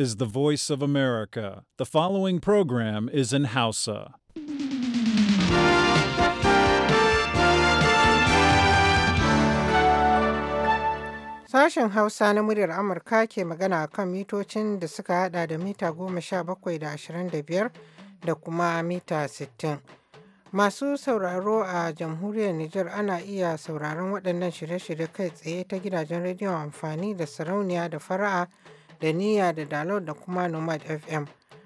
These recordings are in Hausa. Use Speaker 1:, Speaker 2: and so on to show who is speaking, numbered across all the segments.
Speaker 1: is the voice of America. The following program is in Hausa.
Speaker 2: Sashen Hausa na muryar Amurka ke magana kan mitocin da suka hada da mita goma sha bakwai da ashirin da biyar da kuma mita sittin. Masu sauraro a jamhuriyar Nijar ana iya sauraron waɗannan shirye-shirye kai tsaye ta gidajen rediyon amfani da sarauniya da fara'a da niyya da download da kuma nomad FM.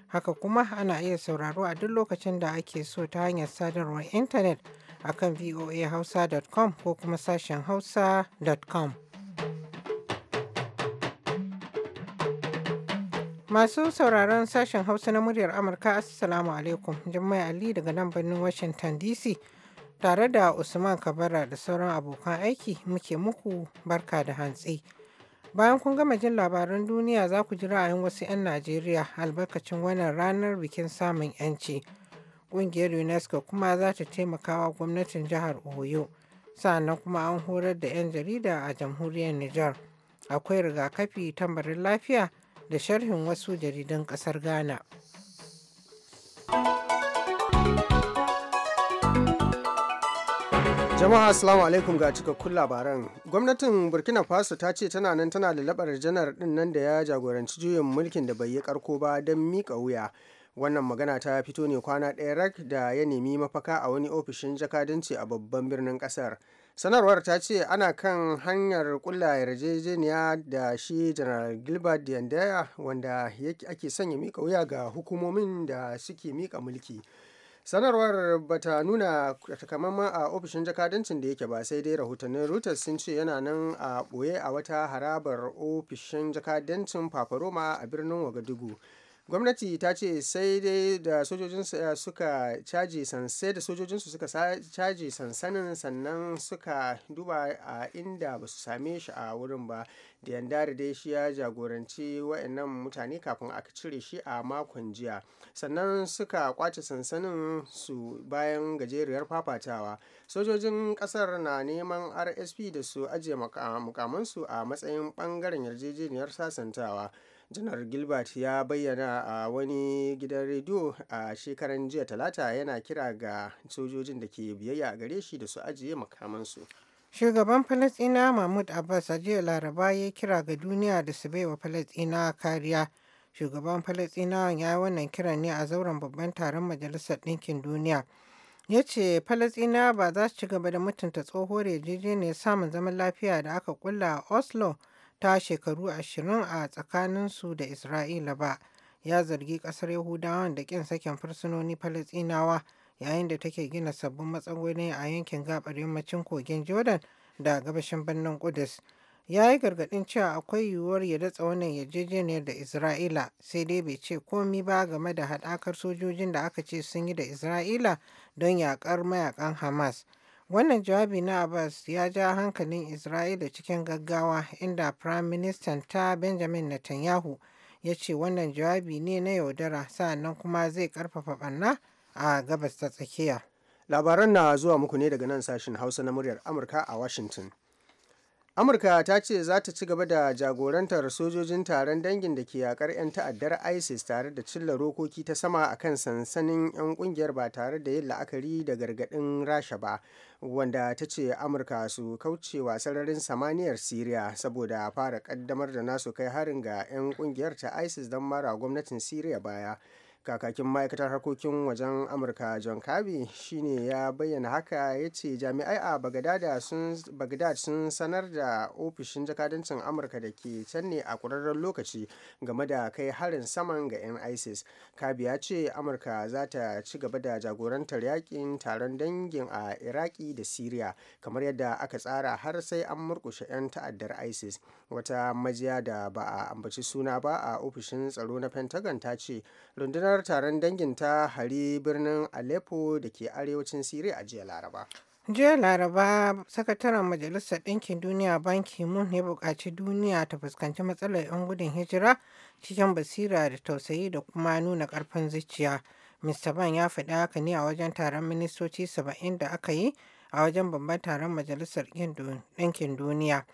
Speaker 2: Haka kuma ana iya sauraro a duk lokacin da ake so ta hanyar sadarwar intanet a kan voahausa.com ko kuma sashen hausa.com. Masu sauraron sashen Hausa na muryar Amurka Assalamu alaikum Jummai Ali daga nan birnin Washington DC tare da Usman Kabara da sauran abokan aiki muke muku barka da hantsi. Bayan kun gama jin labaran duniya za ku ji ra'ayin wasu 'yan Najeriya albarkacin wannan ranar bikin samun 'yanci. Ƙungiyar UNESCO kuma za ta taimakawa gwamnatin jihar Oyo. sannan kuma an horar da 'yan jarida a jamhuriyar Nijar. Akwai rigakafi tambarin lafiya da sharhin wasu jaridan ƙasar Ghana. jama'a assalamu alaikum ga cikakkun labaran
Speaker 3: gwamnatin burkina faso ta ce tana nan tana labar janar din nan da ya jagoranci juyin mulkin da bai yi karko ba don mika wuya wannan magana ta fito ne kwana ɗaya rak da ya nemi mafaka a wani ofishin jakadanci a babban birnin ƙasar sanarwar ta ce ana kan hanyar kulla yarjejeniya da shi general gilbert diandaya wanda ake sanya mika wuya ga hukumomin da suke mika mulki sanarwar ba ta nuna takamaiman a ofishin jakadancin da yake ba sai dai rahotannin reuters sun ce yana nan a ɓoye a wata harabar ofishin jakadancin fafaroma a birnin wagadugu gwamnati ta ce sai dai da sojojinsu eh, suka caji sai da sojojinsu suka caji sansanin sannan suka duba a inda ba su same shi a wurin ba da yandari dai shi ya jagoranci wa'annan mutane kafin aka cire shi a makon jiya sannan suka kwace sansanin su bayan gajeriyar fafatawa sojojin kasar na neman rsp da su ajiye mukamansu a matsayin bangaren yarjejeniyar sasantawa janar gilbert ya bayyana a wani gidan rediyo a shekaran jiya talata yana kira ga sojojin da ke biyayya a gare shi da su ajiye makamansu
Speaker 2: shugaban falastina mahmud abbas a jiya laraba ya kira ga duniya da su baiwa falastina kariya shugaban falasina ya yi wannan kiran ne a zauren babban taron majalisar ɗinkin duniya ya ce falastina ba za su ci gaba da mutunta tsohuwar yarjejeniyar samun zaman lafiya da aka kulla a oslo ta shekaru ashirin a tsakaninsu da Isra'ila ba, ya zargi ƙasar Yahudawan da ƙin sakin fursunoni Falasinawa yayin da take gina sabbin matsaloli a yankin gabar yammacin kogin Jordan da gabashin birnin Kudus. Ya yi gargaɗin cewa akwai yiwuwar ya datsa wannan yarjejeniyar da Isra'ila sai dai bai ce komi ba game da haɗakar sojojin da aka ce sun yi da Isra'ila don yaƙar mayakan Hamas. Wannan jawabi na Abbas ya ja hankalin Isra'ila cikin gaggawa inda Prime Ministan ta Benjamin Netanyahu ya ce wannan jawabi ne na yaudara sa'annan kuma zai karfafa ɓanna a gabas ta tsakiya.
Speaker 3: Labaran na zuwa muku ne daga nan sashen Hausa na muryar Amurka a Washington. amurka ta ce za ta ci gaba da jagorantar sojojin taron dangin da ke yakar 'yan ta'addar isis tare da cilla rokoki ta sama a kan sansanin 'yan kungiyar ba tare da yin la'akari da gargaɗin rasha ba wanda ta ce amurka su kauce wa sararin samaniyar syria saboda fara kaddamar da nasu kai harin ga 'yan kungiyar ta isis don mara gwamnatin syria baya kakakin ma'aikatar harkokin wajen amurka john kirby shine ya bayyana haka ya ce jami'ai a bagdad sun sanar da ofishin jakadancin amurka da ke can ne a ƙwararren lokaci game da kai harin saman ga 'yan isis kirby ya ce amurka za ta ci gaba da jagorantar yakin taron dangin a iraki da syria kamar yadda aka tsara har sai an murkushe 'yan ta'addar isis wata majiya da ba a ambaci suna ba a ofishin tsaro na pentagon ta ce rundunar taron dangin ta hari birnin aleppo da ke arewacin sire a jiya laraba
Speaker 2: jiya laraba sakataren majalisar ɗinkin duniya banki mun ya buƙaci duniya ta fuskanci matsalar 'yan gudun hijira cikin basira da tausayi da kuma nuna ƙarfin zuciya mr ban ya faɗi haka ne a wajen taron ministoci saba'in da aka yi a wajen babban taron majalisar ɗinkin duniya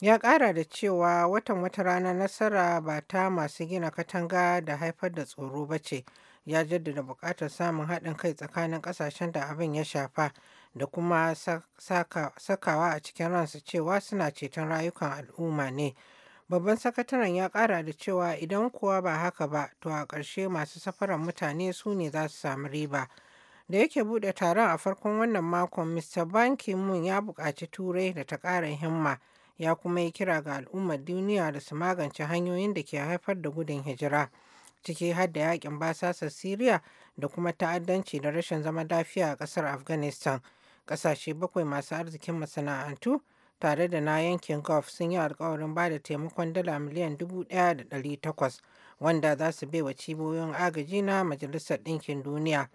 Speaker 2: Ya ƙara da cewa watan wata rana nasara ba ta masu gina katanga da haifar da tsoro ba ce, ya jaddada buƙatar samun haɗin kai tsakanin ƙasashen da abin ya shafa da kuma sakawa a cikin ransu cewa suna ceton rayukan al'umma ne. Babban sakataren ya ƙara da cewa idan kuwa ba haka ba, to a ƙarshe masu safarar mutane su ne za su samu riba. da yake bude taron a farkon wannan makon mr ban ki ya buƙaci turai da ta ƙara himma ya kuma yi kira ga al'ummar duniya da su magance hanyoyin da ke haifar da gudun hijira ciki har da yakin basasar Siriya da kuma ta'addanci da rashin zama lafiya a ƙasar Afghanistan. Ƙasashe bakwai masu arzikin masana'antu tare da na yankin Gulf sun yi alkawarin ba da taimakon dala miliyan dubu da takwas wanda za su bai wa cibiyoyin agaji na Majalisar Ɗinkin Duniya.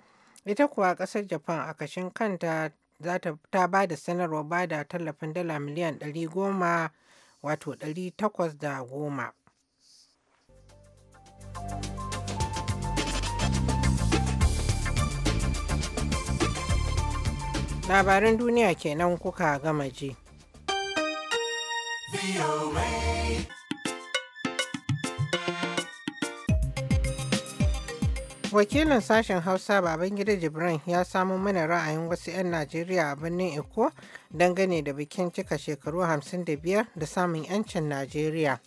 Speaker 2: Ita kuwa ƙasar Japan a kashin kanta ta ba da sanarwa ba da tallafin dala miliyan 100 wato 810. Labarin duniya kenan kuka gama ji. wakilin sashen hausa babangida jibran ya samo mana ra'ayin wasu 'yan najeriya a birnin eko dangane da bikin cika shekaru 55 da samun 'yancin najeriya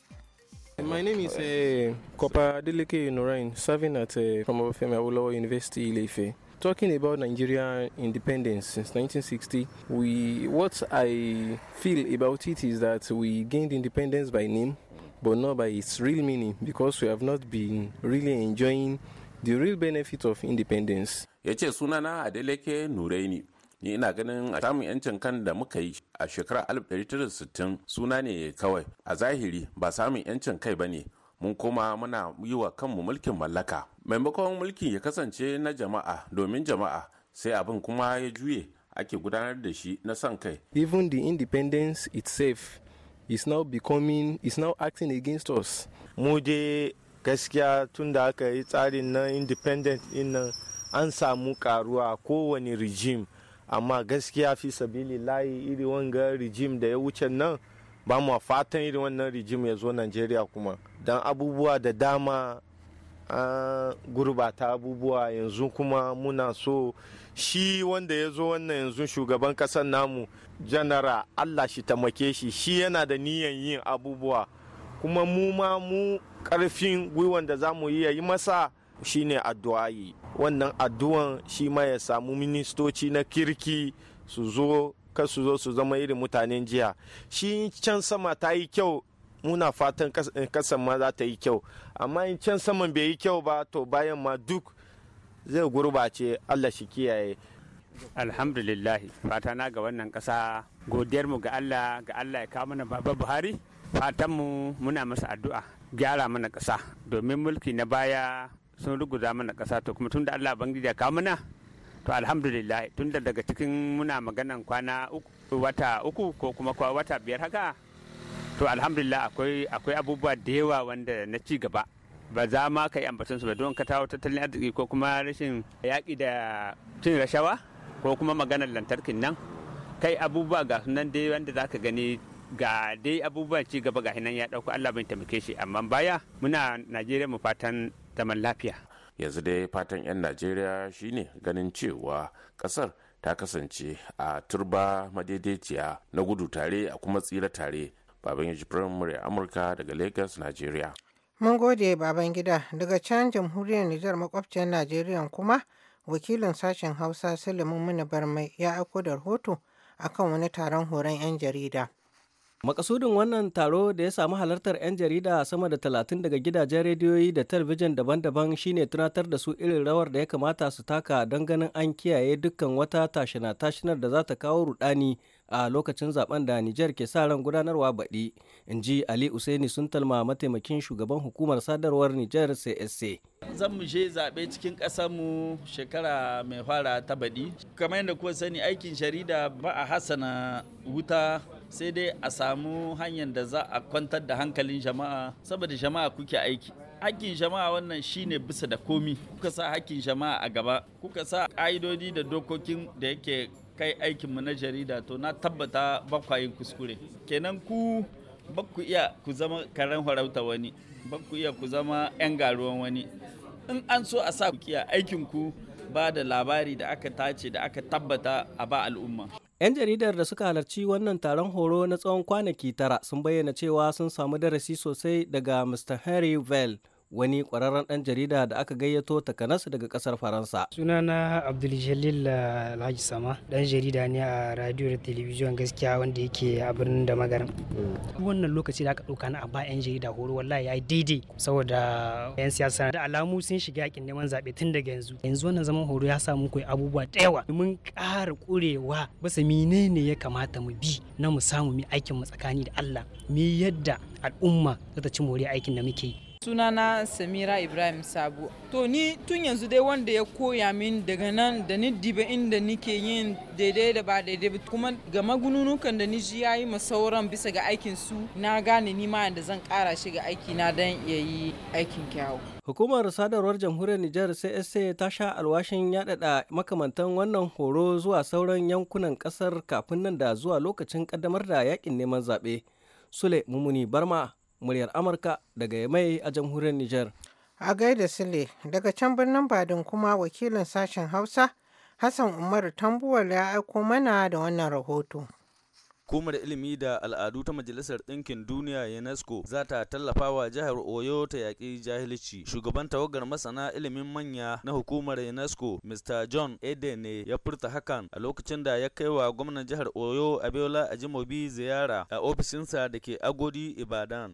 Speaker 4: My name is uh, Kopa Deleke Norain, serving at uh, eh, Promo Femi Awolowo University, Ilefe. talking about Nigerian independence since 1960, we what I feel about it is that we gained independence by name, but not by its real meaning, because we have not been really enjoying the real benefit of independence
Speaker 5: ya ce sunana adeleke nuraini ni ina ganin a samun yancin kan da muka yi a shekarar 1960 suna ne kawai a zahiri ba samun yancin kai ba ne mun koma muna yi wa kanmu mulkin mallaka maimakon mulkin ya kasance na jama'a domin jama'a sai abin kuma ya juye ake gudanar da shi na son kai
Speaker 4: even the independence itself is now becoming is now acting against us mu gaskiya
Speaker 5: tun da aka yi tsarin na independent din nan an samu karuwa kowane regime amma gaskiya fi sabili layi iri wanga regime da ya wuce nan ba mu fatan iri wannan regime ya zo nigeria kuma don abubuwa da dama an gurbata abubuwa yanzu kuma muna so shi wanda ya zo wannan yanzu shugaban kasar namu janara allah shi tamake shi shi yana da niyan yin abubuwa kuma mu ma mu karfin gwiwan da za mu yi ya yi masa shine addu'a yi wannan addu'an shi ma ya samu ministoci na kirki su zo kar su zo su zama irin mutanen jiya shi can sama ta yi kyau muna fatan eh, kasan ma za ta yi kyau amma in can saman bai yi kyau ba to bayan ma duk zai gurbace allah shi kiyaye alhamdulillah fata na ga wannan kasa godiyar ga allah ga allah ya kawo mana baba buhari fatanmu muna masa addu'a gyara mana ƙasa domin mulki na baya sun ruguza mana ƙasa to kuma tunda Allah bangiji ya ka mana to alhamdulillah tunda daga cikin muna maganan kwana wata uku ko kuma wata biyar haka to alhamdulillah akwai akwai abubuwa da yawa wanda na ci gaba ba za ma ka yi ambatan su ba don ka tawo tattalin arziki ko kuma rashin yaƙi da cin rashawa ko kuma maganar lantarkin nan kai abubuwa ga sunan dai wanda za ka gani ga dai abubuwan ci gaba ga hinan ya dauko Allah bai taimake shi amma baya muna Najeriya mu fatan zaman lafiya yanzu dai fatan 'yan Najeriya shine ganin cewa kasar ta kasance a turba madaidaiciya na gudu tare a kuma tsira tare baban yaji firamare amurka daga lagos nigeria
Speaker 2: mun gode baban gida daga can jamhuriyar nijar makwabciyar najeriya kuma wakilin sashen hausa silimin muni barmai ya aiko da rahoto akan wani taron horon 'yan jarida
Speaker 6: Makasudin wannan taro da ya samu halartar 'yan jarida sama da talatin daga gidajen rediyoyi da talabijin daban-daban shine tunatar da su irin rawar da ya kamata su taka don ganin an kiyaye dukkan wata tashina-tashinar da za ta kawo rudani a lokacin zaben da Nijar ke sa ran gudanarwa baɗi, in ji Ali Usaini Suntalma mataimakin shugaban hukumar sadarwar Nijar CSC.
Speaker 7: Zan mu je zaɓe cikin mu shekara mai fara ta baɗi. Kamar yadda kuwa sani aikin jarida ba a hasana wuta sai dai a samu hanyar da za a kwantar da hankalin jama'a saboda jama'a kuke aiki hakkin jama'a wannan shine bisa da komi kuka sa hakkin jama'a a gaba kuka sa ƙa'idodi da dokokin da yake kai aikinmu na jarida to na tabbata bakwayin kuskure kenan ku bakku iya ku zama karen harauta wani bakku iya ku zama 'yan garuwan wani in an so a sa ku aikin ku ba da labari da aka tace da aka tabbata a ba al'umma
Speaker 6: 'Yan jaridar da suka halarci wannan taron horo na tsawon kwanaki tara sun bayyana cewa sun samu darasi sosai daga Mr. Henry Vell. wani kwararren dan jarida da aka gayyato takanas daga kasar faransa
Speaker 1: sunana abdul eh, alhaji sama dan jarida ne a radio da television gaskiya wanda yake a birnin da magaran
Speaker 7: hmm.
Speaker 1: wannan lokaci da aka ɗauka na a ba yan jarida horo wallahi ya daidai saboda yan siyasa da alamu sun shiga yakin neman zaɓe tun daga yanzu yanzu wannan zaman horo ya samu koyi abubuwa da yawa mun ƙara ƙurewa basa menene ya kamata mu bi na mu samu mu aikin mu tsakani da Allah me yadda al'umma za ta ci moriya aikin da muke yi
Speaker 4: sunana samira ibrahim
Speaker 1: sabo to ni tun yanzu dai wanda ya koya min daga nan da ni diba inda nike yin daidai da ba daidai ba kuma ga magununukan da ni ji yayi ma sauran bisa ga aikin su na gane ni ma yanda zan kara shi ga aiki na dan yayi aikin kyawu
Speaker 6: Hukumar sadarwar jamhuriyar Nijar CSA ta sha alwashin yaɗaɗa makamantan wannan horo zuwa sauran yankunan ƙasar kafin nan da zuwa lokacin kaddamar da yakin neman zaɓe. Sule Mumuni Barma muryar Amurka daga Yamai a jamhuriyar Nijar. A
Speaker 2: gaida Sule, daga can birnin Badin kuma wakilin sashen Hausa, Hassan Umaru Tambuwal ya aiko mana da wannan rahoto.
Speaker 7: Hukumar Ilimi da Al'adu ta Majalisar Ɗinkin Duniya UNESCO za ta tallafa wa jihar Oyo ta yaƙi jahilci. Shugaban tawagar masana ilimin manya na hukumar UNESCO, Mr. John Edene ya furta hakan a lokacin da ya kai wa gwamnan jihar Oyo Abiola Ajimobi ziyara a ofishinsa da ke Agodi, Ibadan.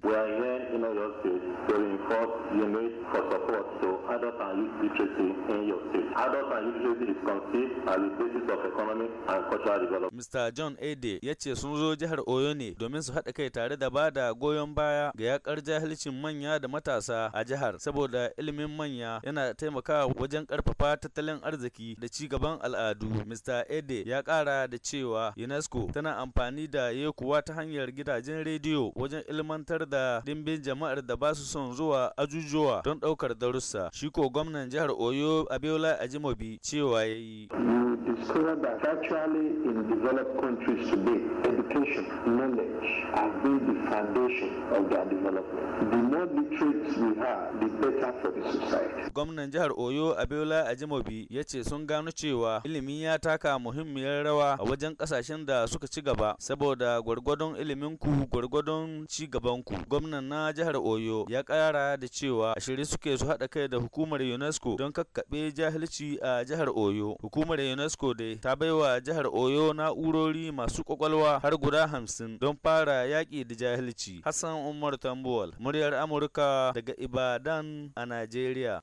Speaker 5: to reinforce the need for support to adult and youth literacy in your state. Adult and youth literacy is conceived as the basis
Speaker 7: of economic and cultural development. Mr. John Ede ya ce sun zo jihar Oyo ne domin su haɗa kai tare da ba da goyon baya ga yakar jahilcin manya da matasa a jihar saboda ilimin manya yana taimakawa wajen ƙarfafa tattalin arziki da ci gaban al'adu. Mr. Ede ya ƙara da cewa UNESCO tana amfani da yekuwa ta hanyar gidajen rediyo wajen ilmantar da dimbin jama'ar da ba su son zuwa ajujuwa don ɗaukar darussa. Shi ko gwamnan jihar Oyo Abiola Ajimobi cewa ya yi.
Speaker 5: we discover that actually in developed countries today, education, knowledge have been the
Speaker 7: foundation of their development.
Speaker 5: The more literate we are, the better for the society.
Speaker 7: Gwamnan jihar Oyo Abiola Ajimobi ya ce sun gano cewa ilimi ya taka muhimmiyar rawa a wajen kasashen da suka ci gaba saboda gwargwadon iliminku gwargwadon ci gabanku. Gwamnan na jihar Oyo ya kara da cewa a shirye suke su haɗa kai da hukumar UNESCO don kakkaɓe jahilci a jihar Oyo. Hukumar UNESCO UNESCO dai ta baiwa jihar Oyo na'urori masu kwakwalwa har guda hamsin don fara yaƙi da jahilci. Hassan Umar Tambuwal, muryar Amurka daga Ibadan a Najeriya.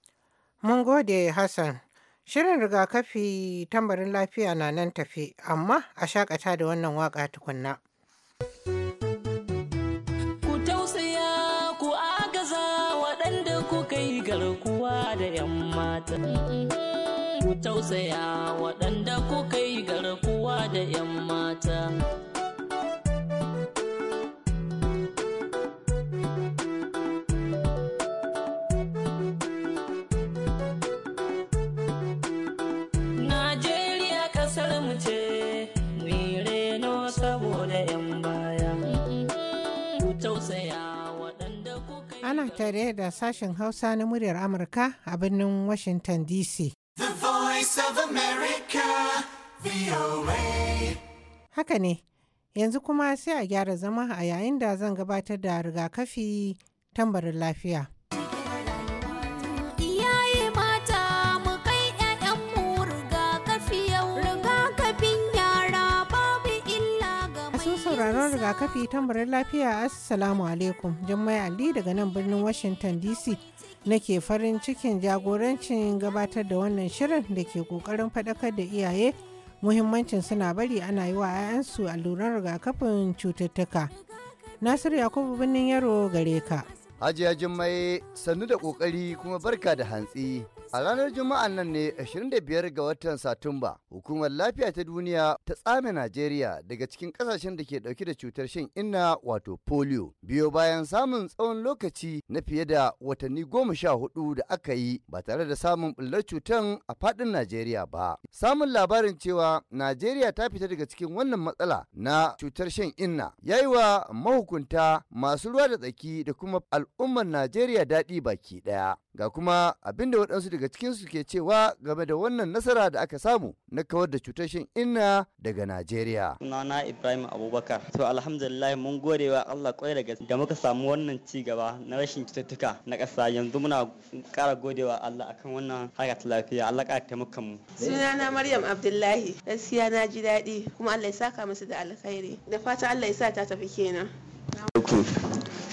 Speaker 2: Mun gode Hassan. Shirin rigakafi tambarin lafiya na nan tafi, amma a shakata da wannan waka tukunna.
Speaker 1: Ku tausaya ku agaza waɗanda da 'yan mata. ku tausaya waɗanda ku
Speaker 8: kai garkuwa da 'yan mata.
Speaker 1: Najeriya ƙasar mu ce, mu saboda 'yan baya. Ku tausaya waɗanda
Speaker 2: ku kai Ana tare da sashen Hausa na muryar Amurka a birnin Washington DC. Haka ne, yanzu kuma sai a gyara zama a yayin da zan gabatar da rigakafi tambarin lafiya. sauraron rigakafi tambarin lafiya assalamu alaikum jummai ali daga nan birnin washington dc nake farin cikin jagorancin gabatar da wannan shirin da ke ƙoƙarin faɗakar da iyaye muhimmancin suna bari ana yi wa 'ya'yansu alluran rigakafin cututtuka. Nasiru Yakubu Birnin Yaro gare ka.
Speaker 9: Hajiya Jummai sannu da kokari kuma barka da hantsi. A ranar juma'a nan ne 25 ga watan Satumba, Hukumar Lafiya ta Duniya ta tsame Najeriya daga cikin ƙasashen da ke ɗauke da cutar shan inna wato polio. Biyo bayan samun tsawon lokaci na fiye da watanni goma sha hudu da aka yi ba tare da samun bullar cutar a faɗin Najeriya ba. Samun labarin cewa Najeriya ta fita daga cikin wannan matsala na cutar shan inna ya yi wa mahukunta masu ruwa da tsaki da kuma al'umma al'ummar Najeriya daɗi baki ɗaya. Ga kuma abinda waɗansu daga cikinsu ke cewa game da wannan nasara da aka samu na kawar da cutar shan inna daga Najeriya. Sunana Ibrahim
Speaker 8: Abubakar. To alhamdulillah mun gode wa Allah kwai daga da muka samu wannan ci gaba na rashin cututtuka na ƙasa yanzu muna ƙara gode wa Allah akan wannan harkar lafiya Allah ƙara taimakan mu. Sunana Maryam
Speaker 4: Abdullahi. Gaskiya na ji daɗi kuma Allah ya saka musu da alkhairi. Da fata Allah ya sa ta tafi kenan.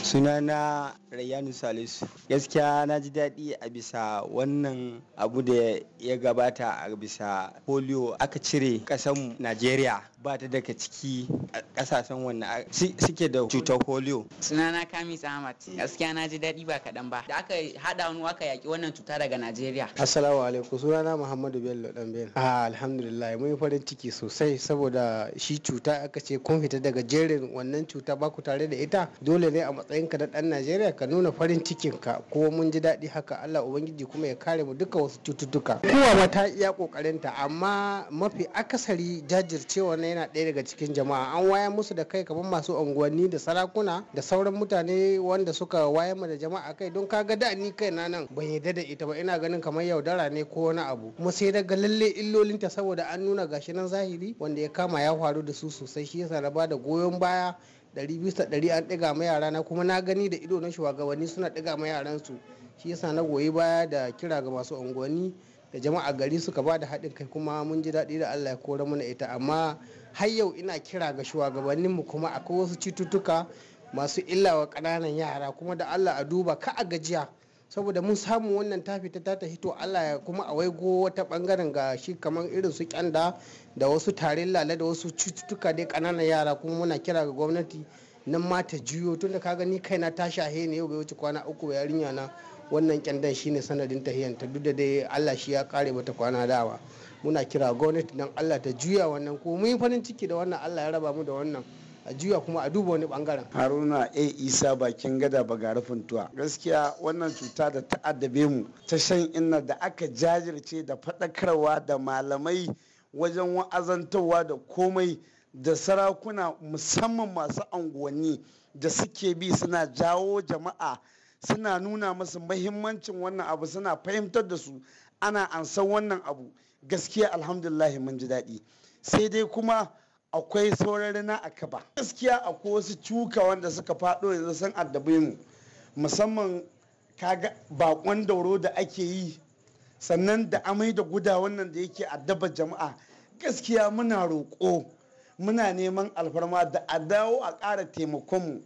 Speaker 4: sunana rayanu salisu gaskiya na ji daɗi a bisa wannan abu da ya gabata a bisa polio aka cire ƙasan najeriya ba ta daga ciki a kasashen wannan suke da cutar polio sunana kamis samat. gaskiya na ji daɗi ba kaɗan ba da aka haɗa wani aka yaƙi wannan cuta daga najeriya assalamu alaikum sunana muhammadu bello ɗanben ah alhamdulillah mun farin ciki sosai saboda shi cuta aka ce kun fita daga jerin wannan cuta ba ku tare da ita dole ne a matsayin ka na ɗan najeriya ka nuna farin cikinka ko mun ji daɗi haka allah ubangiji kuma ya kare mu duka wasu cututtuka kowa ma ta iya ƙoƙarinta amma mafi akasari jajircewa ne yana ɗaya daga cikin jama'a an wayar musu da kai kamar masu unguwanni da sarakuna da sauran mutane wanda suka wayar da jama'a kai don kaga da ni kai na nan ban yadda da ita ba ina ganin kamar yaudara ne ko wani abu kuma sai daga lalle ta saboda an nuna gashi nan zahiri wanda ya kama ya faru da su sosai shi yasa na bada goyon baya ɗari bisa ɗari an ɗiga ma yara na kuma na gani da ido na shugabanni suna ɗiga ma yaran su shi yasa na goyi baya da kira ga masu unguwanni da jama'a gari suka ba da haɗin kai kuma mun ji daɗi da allah ya kora mana ita amma har yau ina kira ga shugabanninmu kuma akwai wasu cututtuka masu illawa kananan yara kuma da allah a duba ka a gajiya saboda mun samu wannan ta ta ta hito allah ya kuma a waigo wata bangaren ga shi kamar irin su kyanda da wasu tarin lale da wasu cututtuka dai kananan yara kuma muna kira ga gwamnati nan ma ta juyo tunda ka gani kaina ta shahe ne yau bai wuce kwana uku yarinya na wannan kyandan shine sanadin tahiyanta duk da dai allah shi ya kare mata kwana dawa muna kira gwamnati don allah ta juya wannan ko mun farin ciki da wannan allah ya raba mu da wannan a juya kuma a duba wani bangaren. Haruna
Speaker 8: A Isa bakin gada ba bagare tuwa. Gaskiya wannan cuta da ta addabe mu ta shan inna da aka jajirce da faɗakarwa da malamai wajen wa'azantarwa da komai da sarakuna musamman masu anguwanni da suke bi suna jawo jama'a suna nuna masu mahimmancin wannan abu suna fahimtar da su ana ansan wannan abu gaskiya alhamdulillahi mun ji daɗi sai dai kuma akwai sauran na a kaba gaskiya akwai wasu cuka wanda suka faɗo yanzu san addabe mu musamman kaga bakon dauro da ake yi sannan da amai da guda wannan da yake addaba jama'a gaskiya muna roƙo muna neman alfarma da a dawo a ƙara taimakonmu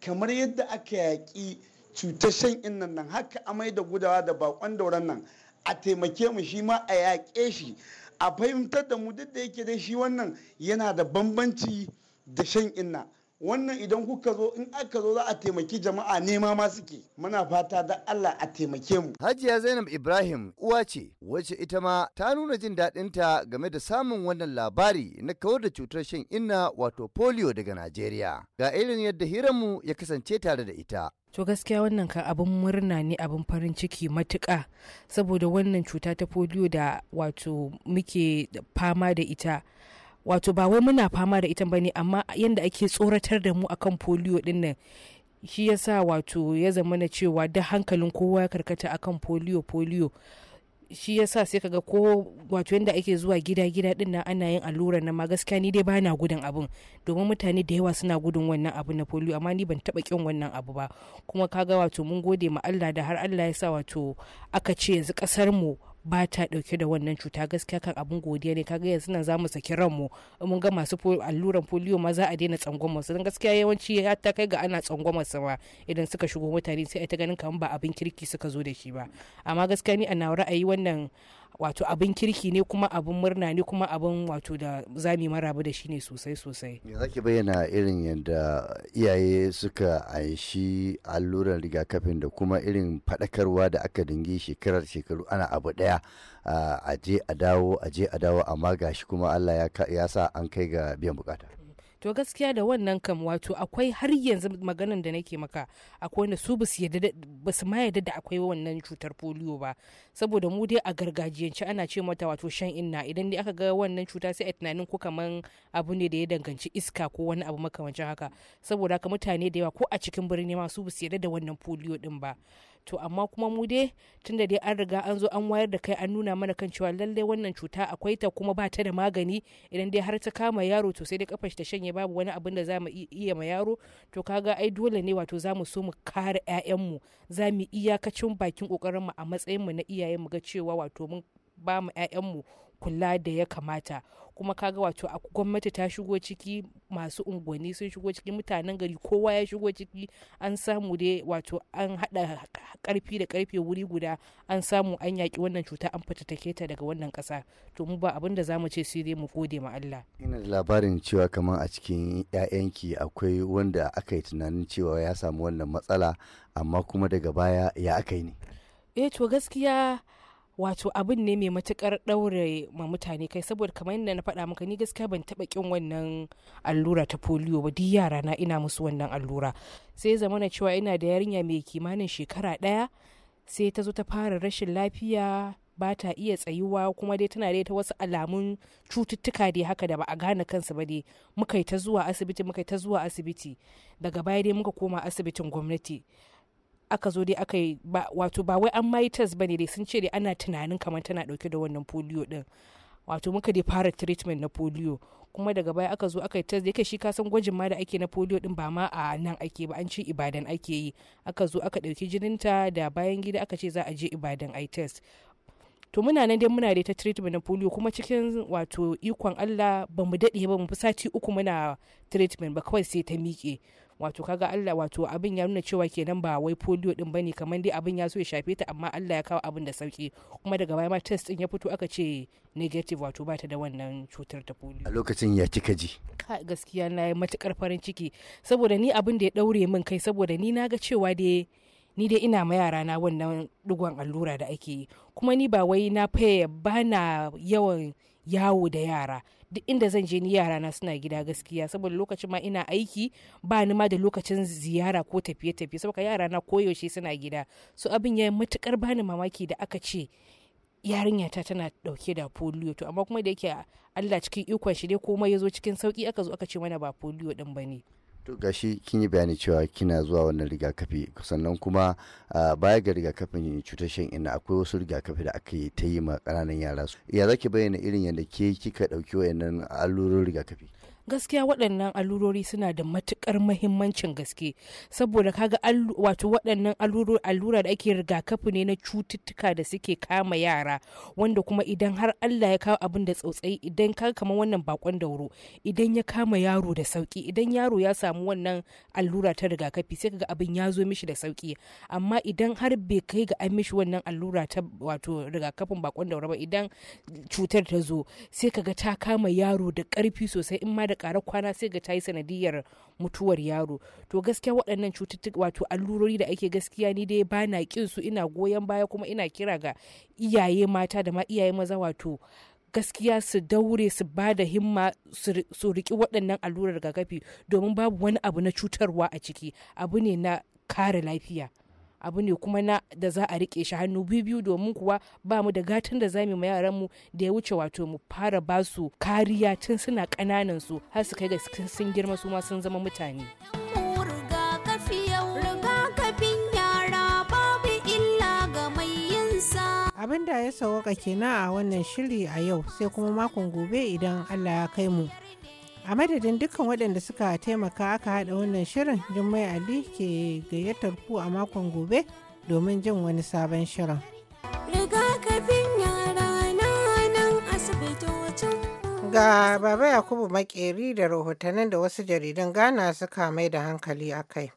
Speaker 8: kamar yadda aka yaƙi cutar shan innan nan haka amai da gudawa da bakon dauran nan a taimake mu shi ma a yaƙe shi a fahimtar da mu duk da yake dai shi wannan yana da bambanci da shan inna wannan idan kuka zo in
Speaker 9: aka zo za a taimaki jama'a nema ma suke muna fata da Allah a taimake mu Hajiya Zainab Ibrahim uwa ce wacce ita ma ta nuna jin daɗin ta game da samun wannan labari na kawar da cutar shan inna wato polio daga Najeriya ga irin yadda hiranmu ya kasance tare da ita
Speaker 1: to gaskiya wannan ka abin murna ne abin farin ciki matuƙa saboda wannan cuta ta polio da wato muke fama da ita wato ba wai muna fama da ita bane amma yadda ake tsoratar da mu akan polio din nan shi yasa wato ya zama na cewa da hankalin kowa ya karkata akan polio polio shi yasa sai kaga ko wato yadda ake zuwa gida gida din nan ana yin allura na ma gaskiya ni dai bana gudun abun domin mutane da yawa suna gudun wannan abu na polio amma ni ban taba kin wannan abu ba kuma kaga wato mun gode ma Allah da har Allah ya sa wato aka ce yanzu kasar mu ba ta dauke da wannan cuta gaskiya kan abin godiya ne kaga yanzu nan zamu saki ran ranmu mun ga masu alluran polio ma za a daina tsangwama su dan gaskiya yawanci ya ta kai ga ana tsangwama su ma idan suka shigo mutane sai a ta ganin kamar ba abin kirki suka zo da shi ba amma gaskiya ni a ra'ayi wannan wato abin kirki ne kuma abin murna ne kuma abin wato da zami marabu da shi ne sosai sosai me
Speaker 9: zaki bayyana irin yadda iyaye suka anshi alluran rigakafin da kuma irin faɗakarwa da aka dingi shekarar shekaru ana abu ɗaya a je a dawo a je a dawo amma gashi kuma Allah ya sa an kai ga biyan bukata
Speaker 1: to gaskiya da wannan kam wato akwai har yanzu maganan da nake maka akwai wanda su basu yadda ma yadda da akwai wannan cutar polio ba saboda mu dai a gargajiyance ana ce mata wato shan inna idan dai aka ga wannan cuta sai a tunanin ko kaman abu ne da ya danganci iska ko wani abu makamancin haka saboda haka mutane da yawa ko a cikin birni ma su basu yadda da wannan polio din ba to amma kuma mu dai da dai an riga an zo an wayar da kai an nuna mana kan cewa lallai wannan cuta akwai ta kuma ba ta da magani idan dai har ta kama yaro to sai dai kafar ta shanye babu wani abin da za mu iya ma yaro to kaga ai dole ne wato za mu so mu kare mu za mu iyakacin bakin kokarin mu a matsayin mu na iyaye mu ga cewa wato mun ba mu 'ya'yanmu kula da ya kamata kuma kaga wato a gwamnati ta shigo ciki masu unguwanni sun shigo ciki mutanen gari kowa ya shigo ciki an samu dai wato an hada karfi da karfe wuri guda an samu an yaki wannan cuta an fitattake ta daga wannan kasa to mu ba abin da zamu ce sai dai mu gode ma Allah ina
Speaker 9: da labarin cewa kamar a cikin ƴaƴanki akwai wanda aka yi tunanin cewa ya samu wannan matsala amma kuma daga baya ya aka yi ne
Speaker 1: eh to gaskiya wato abin ne mai matukar ɗaure ma mutane kai saboda kamar yadda na faɗa maka ni gaskiya ban taɓa kin wannan allura ta polio ba duk yara na ina musu wannan allura sai zamana cewa ina da yarinya mai kimanin shekara ɗaya sai ta zo ta fara rashin lafiya ba ta iya tsayuwa kuma dai tana dai ta wasu alamun cututtuka dai haka da ba a gane kansa ba dai muka ta zuwa asibiti muka ta zuwa asibiti daga baya dai muka koma asibitin gwamnati aka zo dai aka yi wato ba wai an mai test bane dai sun ce dai ana tunanin kamar tana dauke da wannan polio din wato muka dai fara treatment na polio kuma daga baya aka zo aka yi test yake shi kasan gwajin ma da ake na polio din ba ma a nan ake ba an ce ibadan ake yi aka zo aka ɗauki ta da bayan gida aka ce za a je ibadan ai test to muna nan dai muna da ta treatment na polio kuma cikin wato ikon Allah ba mu daɗe ba mu fi sati uku muna treatment ba kawai sai ta miƙe wato kaga Allah wato abin ya nuna cewa kenan ba wai polio din bane kamar dai abin ya so ya shafe ta amma Allah ya kawo abin da sauki kuma daga baya ma test din ya fito aka ce negative wato ba ta da wannan cutar ta polio a
Speaker 9: lokacin ya kika ji
Speaker 1: ka gaskiya na yi matukar farin ciki saboda ni abin da ya daure min kai saboda ni na ga cewa dai ni dai ina ma yara na wannan digon allura da ake yi kuma ni ba wai na faye ba na yawan yawo da yara duk inda zan je ni yara na suna gida gaskiya saboda lokacin ma ina aiki ba ni ma da lokacin ziyara ko tafiye tafiye saboda yara na koyaushe suna gida su abin ya yi matukar bani mamaki da aka ce yarinya ta tana dauke da polio to amma kuma da yake Allah cikin ikon shi dai komai ya zo cikin sauki aka zo aka ce mana ba polio din ne.
Speaker 9: to gashi kin yi bayani cewa kina zuwa wannan rigakafi sannan kuma baya ga rigakafin cutar shan inna akwai wasu rigakafi da aka yi ta yi ma kananan yara su ya zaki bayyana irin yadda ke kika ɗauki wayannan allurorin rigakafi
Speaker 1: gaskiya waɗannan al'urori suna da matukar mahimmancin gaske saboda kaga wato waɗannan allura da ake rigakafi ne na cututtuka da suke kama yara wanda kuma idan har Allah ya kawo abin da tsautsayi idan ka kama wannan bakon dauro idan ya kama yaro da sauki idan yaro ya samu wannan allura ta rigakafi sai kaga abin ya zo mishi da sauki amma idan har bai kai ga an mishi wannan allura ta wato rigakafin bakon dauro ba idan cutar ta zo sai kaga ta kama yaro da ƙarfi sosai in ma da ƙara kwana sai ga ta yi sanadiyar mutuwar yaro to gaskiya waɗannan cututtuka wato allurori da ake gaskiya ni dai ba na kin su ina goyon baya kuma ina kira ga iyaye mata da ma iyaye maza wato gaskiya su daure su ba da himma su riƙi waɗannan allurar rigakafi domin babu wani abu na cutarwa a ciki abu ne na kare lafiya abu ne kuma na da za a rike shi hannu biyu biyu domin kuwa ba mu da gatan da zamu ma yaran mu da ya wuce wato mu fara ba su kariya tun suna kananan su har su kai ga sun girma su ma sun zama mutane.
Speaker 2: abin da ya sawaka kenan a wannan shiri a yau sai kuma makon gobe idan allah ya kai mu a madadin dukkan waɗanda suka taimaka aka haɗa wannan shirin jummai ali ke gayyatar ku a makon gobe domin jin wani sabon shirin ga baba yakubu makeri da rahotannin da wasu jaridan ghana suka mai da hankali a kai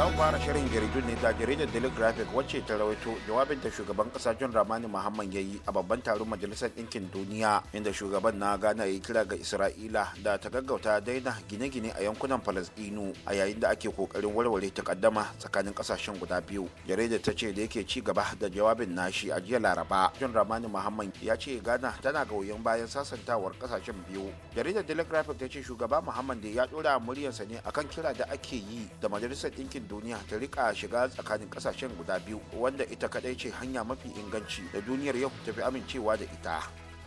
Speaker 5: za mu fara shirin jaridun ne da jaridar daily graphic wacce ta rawaito jawabin da shugaban kasa john ramani muhammad ya yi a babban taron majalisar ɗinkin duniya inda shugaban na gana ya yi kira ga isra'ila da ta gaggauta daina gine-gine a yankunan falasɗinu a yayin da ake kokarin warware takaddama tsakanin kasashen guda biyu jaridar ta ce da yake ci gaba da jawabin nashi a jiya laraba john ramani muhammad ya ce gana tana wuyan bayan sasantawar kasashen biyu jaridar daily graphic ta ce shugaba muhammad ya ɗora muryarsa ne akan kira da ake yi da majalisar ɗinkin duniya ta rika shiga tsakanin kasashen guda biyu wanda ita kadai ce hanya mafi inganci da duniyar yau tafi amincewa da ita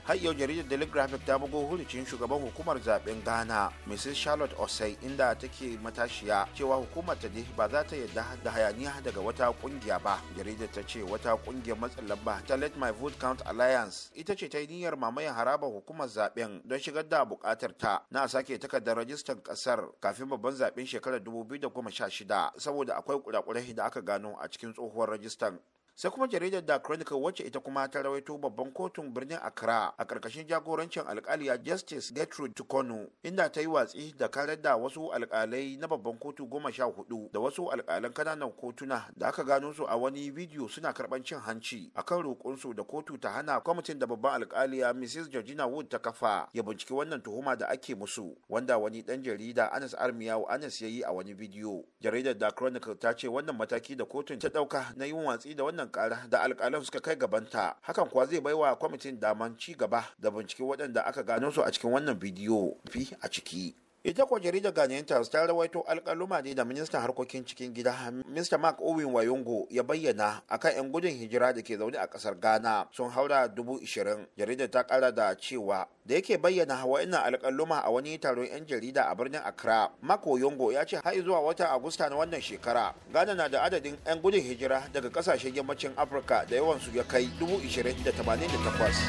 Speaker 5: har yau jaridar daily graphic ta bugo hulicin shugaban hukumar zaben ghana mrs charlotte osei inda take matashiya cewa hukumar ta ba za ta yadda da hayaniya daga wata kungiya ba jaridar ta ce wata kungiyar matsin lamba ta let my vote count alliance ita ce ta yi niyyar mamayen harabar hukumar zaben don shigar da bukatar ta na a sake takardar rajistar kasar kafin babban zaben shekarar 2016 saboda akwai kurakurai da aka gano a cikin tsohuwar rajistan. sai kuma jaridar da chronicle wacce ita kuma ta rawaito babban kotun birnin accra a karkashin jagorancin alkaliya justice gertrude tukonu inda ta yi watsi da karar da wasu alkalai na babban kotu goma sha hudu da wasu alkalan kananan kotuna da aka gano su a wani bidiyo suna karban cin hanci akan roƙonsu da kotu ta hana kwamitin da babban alkaliya mrs georgina wood ta kafa ya binciki wannan tuhuma da ake musu wanda wani ɗan jarida anas armiyawu anas ya yi a wani bidiyo jaridar da chronicle ta ce wannan mataki da kotun ta ɗauka na yin watsi da wannan wannan kara da alƙalan suka kai gabanta hakan kuwa zai baiwa kwamitin daman ci gaba da binciken waɗanda aka gano su a cikin wannan bidiyo fi a ciki ita kuwa jaridar Ghanaian ta rawaito alkaluma ne da ministan harkokin cikin gida Mr. Mark Owen Wayongo ya bayyana akan 'yan gudun hijira da ke zaune a kasar Ghana sun haura dubu ishirin. Jaridar ta kara da cewa da yake bayyana wa'annan alkaluma a wani taron 'yan jarida a birnin Accra. Mark Wayongo ya ce har zuwa watan Agusta na wannan shekara Ghana na da adadin 'yan gudun hijira daga kasashen yammacin Afirka da yawansu ya kai dubu ishirin da da takwas.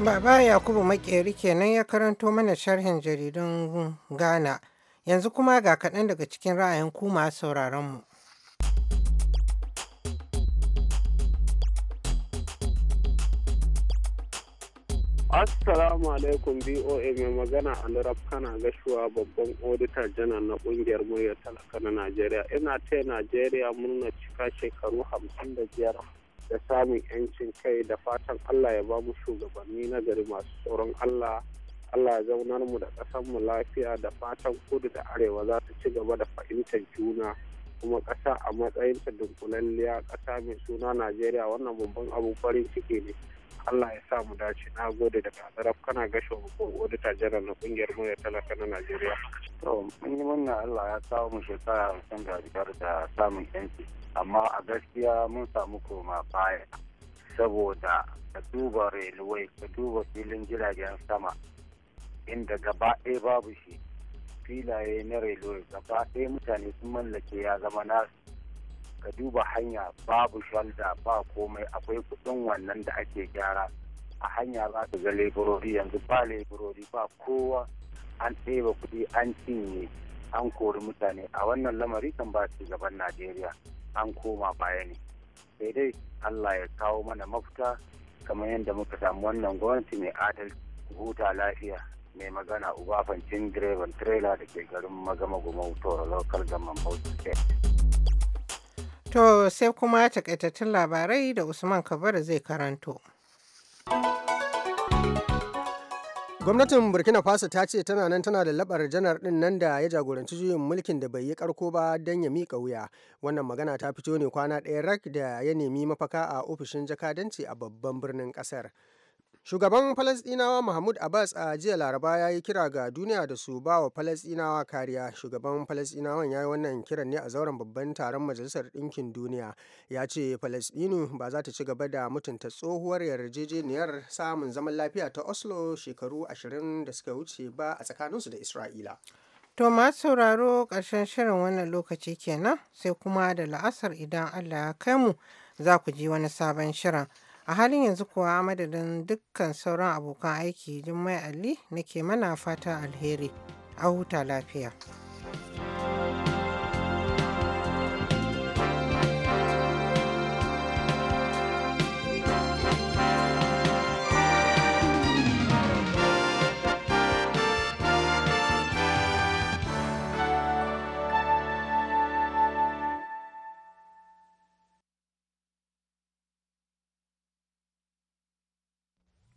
Speaker 2: Baba Yakubu Makeri kenan ya karanto mana sharhin jaridun Ghana. Yanzu kuma ga kaɗan daga cikin ra'ayin kuma sauraronmu.
Speaker 5: Assalamu alaikum BOA mai magana Alraf kana gashuwa babban odita janar na kungiyar muryar talaka na Najeriya. Ina taya Najeriya murna cika shekaru hamsin da biyar da samun 'yancin kai da fatan Allah ya ba mu shugabanni na gari masu tsoron Allah Allah ya zaunar mu da mu lafiya da fatan kudu da arewa za su ci gaba da fahimtar juna kuma ƙasa a matsayinta dunkulalliya ƙasa mai suna Najeriya wannan babban abu farin ciki ne. Allah ya sa mu dace na gode da kasaraf kana gasho ko odita na kungiyar mu talaka na Najeriya to mun yi murna Allah ya kawo mu shekara hamsin da biyar da samun yanki amma a gaskiya mun samu koma baya saboda ka duba railway ka duba filin jiragen sama inda gaba ɗaya babu shi filaye na railway gaba ɗaya mutane sun mallake ya zama nasu ka duba hanya babu shalda ba komai akwai kudin wannan da ake gyara a hanya za ka ga laborori yanzu ba laborori ba kowa an ɗeba kuɗi an cinye an kori mutane a wannan lamari kan ba su gaban najeriya an koma baya ne sai dai allah ya kawo mana mafita kamar yadda muka samu wannan gwamnati mai adalci huta lafiya mai magana uba fancin direban trailer da ke garin magama gumau toro local government state
Speaker 2: To sai kuma takaitattun labarai da Usman Kabara zai karanto. Gwamnatin Burkina Faso ta ce tana nan tana da labar
Speaker 3: janar din nan da ya jagoranci juyin mulkin da bai yi karko ba don ya miƙa wuya. Wannan magana ta fito ne kwana ɗaya rak da ya nemi mafaka a ofishin jakadanci a babban birnin ƙasar. Shugaban Falasɗinawa Mahmud Abbas a jiya Laraba ya yi kira ga duniya da su ba wa Falasɗinawa kariya. Shugaban falasɗinawa ya yi wannan kiran ne a zauren babban taron Majalisar Ɗinkin Duniya. Ya ce Falasɗinu ba za ta ci gaba da mutunta tsohuwar yarjejeniyar samun zaman lafiya ta Oslo shekaru ashirin da suka wuce ba a tsakaninsu da Isra'ila.
Speaker 2: To masu sauraro ƙarshen shirin wannan lokaci kenan sai kuma da la'asar idan Allah ya kai mu za ku ji wani sabon shirin. A halin yanzu kuwa a madadin dukkan sauran abokan aiki Jummai Ali nake mana fata alheri a huta lafiya.